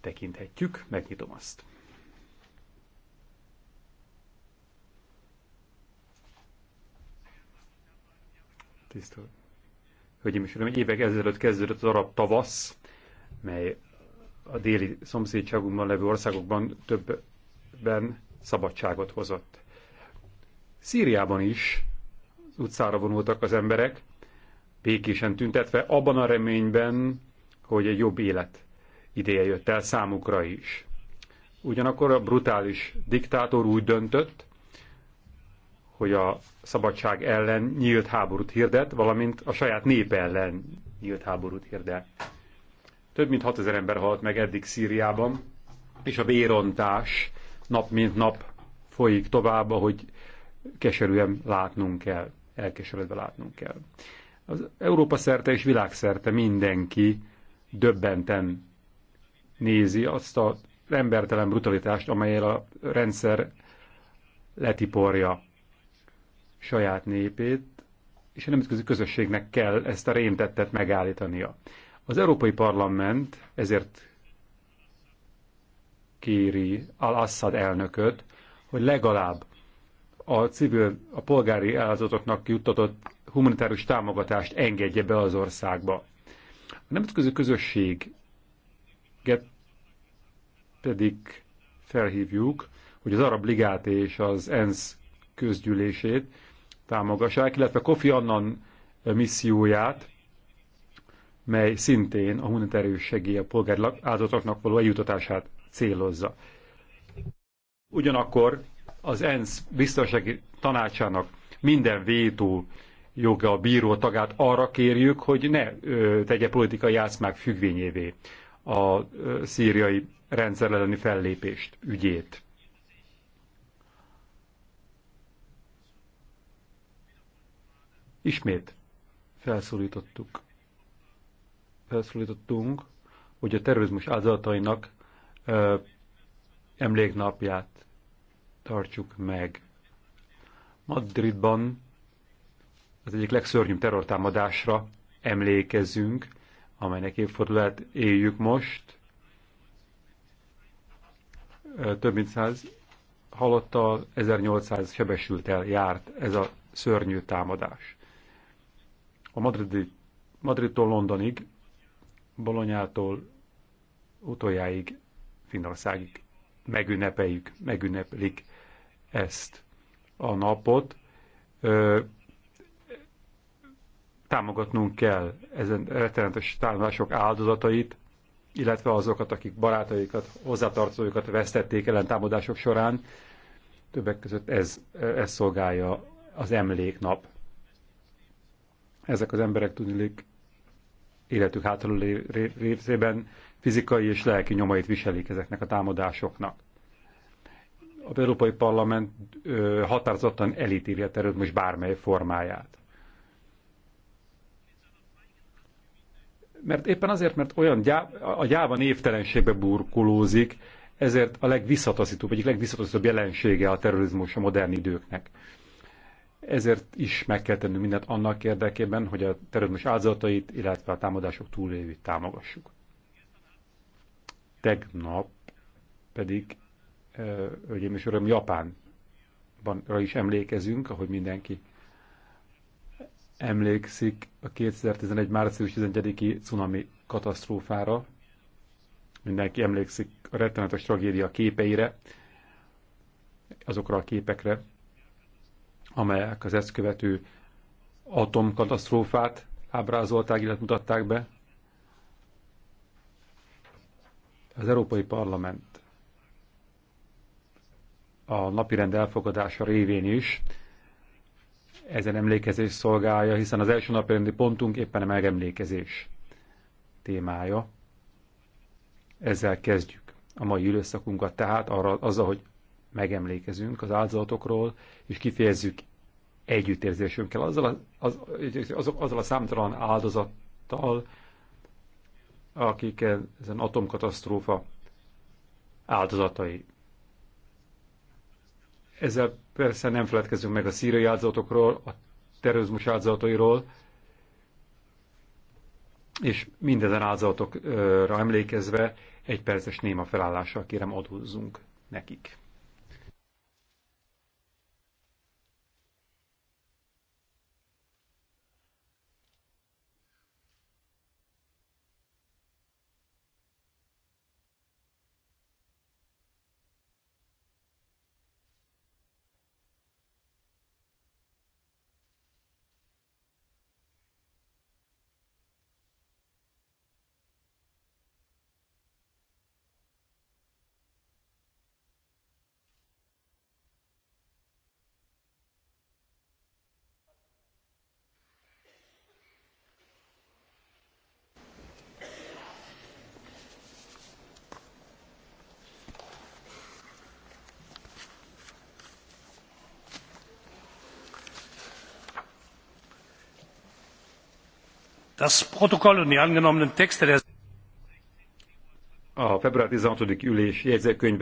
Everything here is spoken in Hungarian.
tekinthetjük, megnyitom azt. Tisztelt. Hölgyeim és Uram, évek ezelőtt kezdődött az arab tavasz, mely a déli szomszédságunkban levő országokban többben szabadságot hozott. Szíriában is az utcára vonultak az emberek, békésen tüntetve, abban a reményben, hogy egy jobb élet ideje jött el számukra is. Ugyanakkor a brutális diktátor úgy döntött, hogy a szabadság ellen nyílt háborút hirdet, valamint a saját nép ellen nyílt háborút hirdet. Több mint 6000 ember halt meg eddig Szíriában, és a vérontás nap mint nap folyik tovább, ahogy keserűen látnunk kell, elkeseredve látnunk kell. Az Európa szerte és világszerte mindenki döbbenten nézi azt a az embertelen brutalitást, amelyel a rendszer letiporja saját népét, és a nemzetközi közösségnek kell ezt a rémtettet megállítania. Az Európai Parlament ezért kéri Al-Assad elnököt, hogy legalább a civil, a polgári áldozatoknak juttatott humanitárius támogatást engedje be az országba. A nemzetközi közösség pedig felhívjuk, hogy az Arab Ligát és az ENSZ közgyűlését támogassák, illetve Kofi Annan misszióját, mely szintén a humanitárius segély a polgári áldozatoknak való eljutatását célozza. Ugyanakkor az ENSZ biztonsági tanácsának minden vétó joga a bíró tagát arra kérjük, hogy ne ö, tegye politikai játszmák függvényévé a szíriai rendszer elleni fellépést, ügyét. Ismét felszólítottuk. Felszólítottunk, hogy a terrorizmus áldozatainak ö, emléknapját tartsuk meg. Madridban az egyik legszörnyűbb terrortámadásra emlékezünk, amelynek évfordulát éljük most. Több mint száz halottal, 1800 sebesültel járt ez a szörnyű támadás. A Madridi, Madridtól Londonig, Bolonyától utoljáig Finnországig megünnepeljük, megünneplik ezt a napot. Támogatnunk kell ezen rettenetes támadások áldozatait, illetve azokat, akik barátaikat, hozzátartozóikat vesztették ellen támadások során. Többek között ez, ez szolgálja az emléknap. Ezek az emberek tudnék életük hátul részében fizikai és lelki nyomait viselik ezeknek a támadásoknak. Az Európai Parlament határozottan elítéli a most bármely formáját. Mert éppen azért, mert olyan gyá, a gyáva névtelenségbe burkolózik, ezért a legvisszataszítóbb, egyik legvisszataszítóbb jelensége a terrorizmus a modern időknek. Ezért is meg kell tennünk mindent annak érdekében, hogy a terrorizmus áldozatait, illetve a támadások túlélőit támogassuk. Tegnap pedig, eh, hölgyeim és uram, Japánban is emlékezünk, ahogy mindenki emlékszik a 2011. március 11-i cunami katasztrófára, mindenki emlékszik a rettenetes tragédia képeire, azokra a képekre, amelyek az ezt követő atomkatasztrófát ábrázolták, illetve mutatták be. Az Európai Parlament a napirend elfogadása révén is ezen emlékezés szolgálja, hiszen az első napi pontunk éppen a megemlékezés témája. Ezzel kezdjük a mai időszakunkat, tehát arra, azzal, hogy megemlékezünk az áldozatokról, és kifejezzük együttérzésünkkel azzal a, az, az, azzal a számtalan áldozattal, akik ezen atomkatasztrófa áldozatai. Ezzel persze nem feledkezünk meg a szíriai áldozatokról, a terrorizmus áldozatairól, és mindezen áldozatokra emlékezve egy perces néma felállással kérem adózzunk nekik. Das Protokoll und die angenommenen Texte der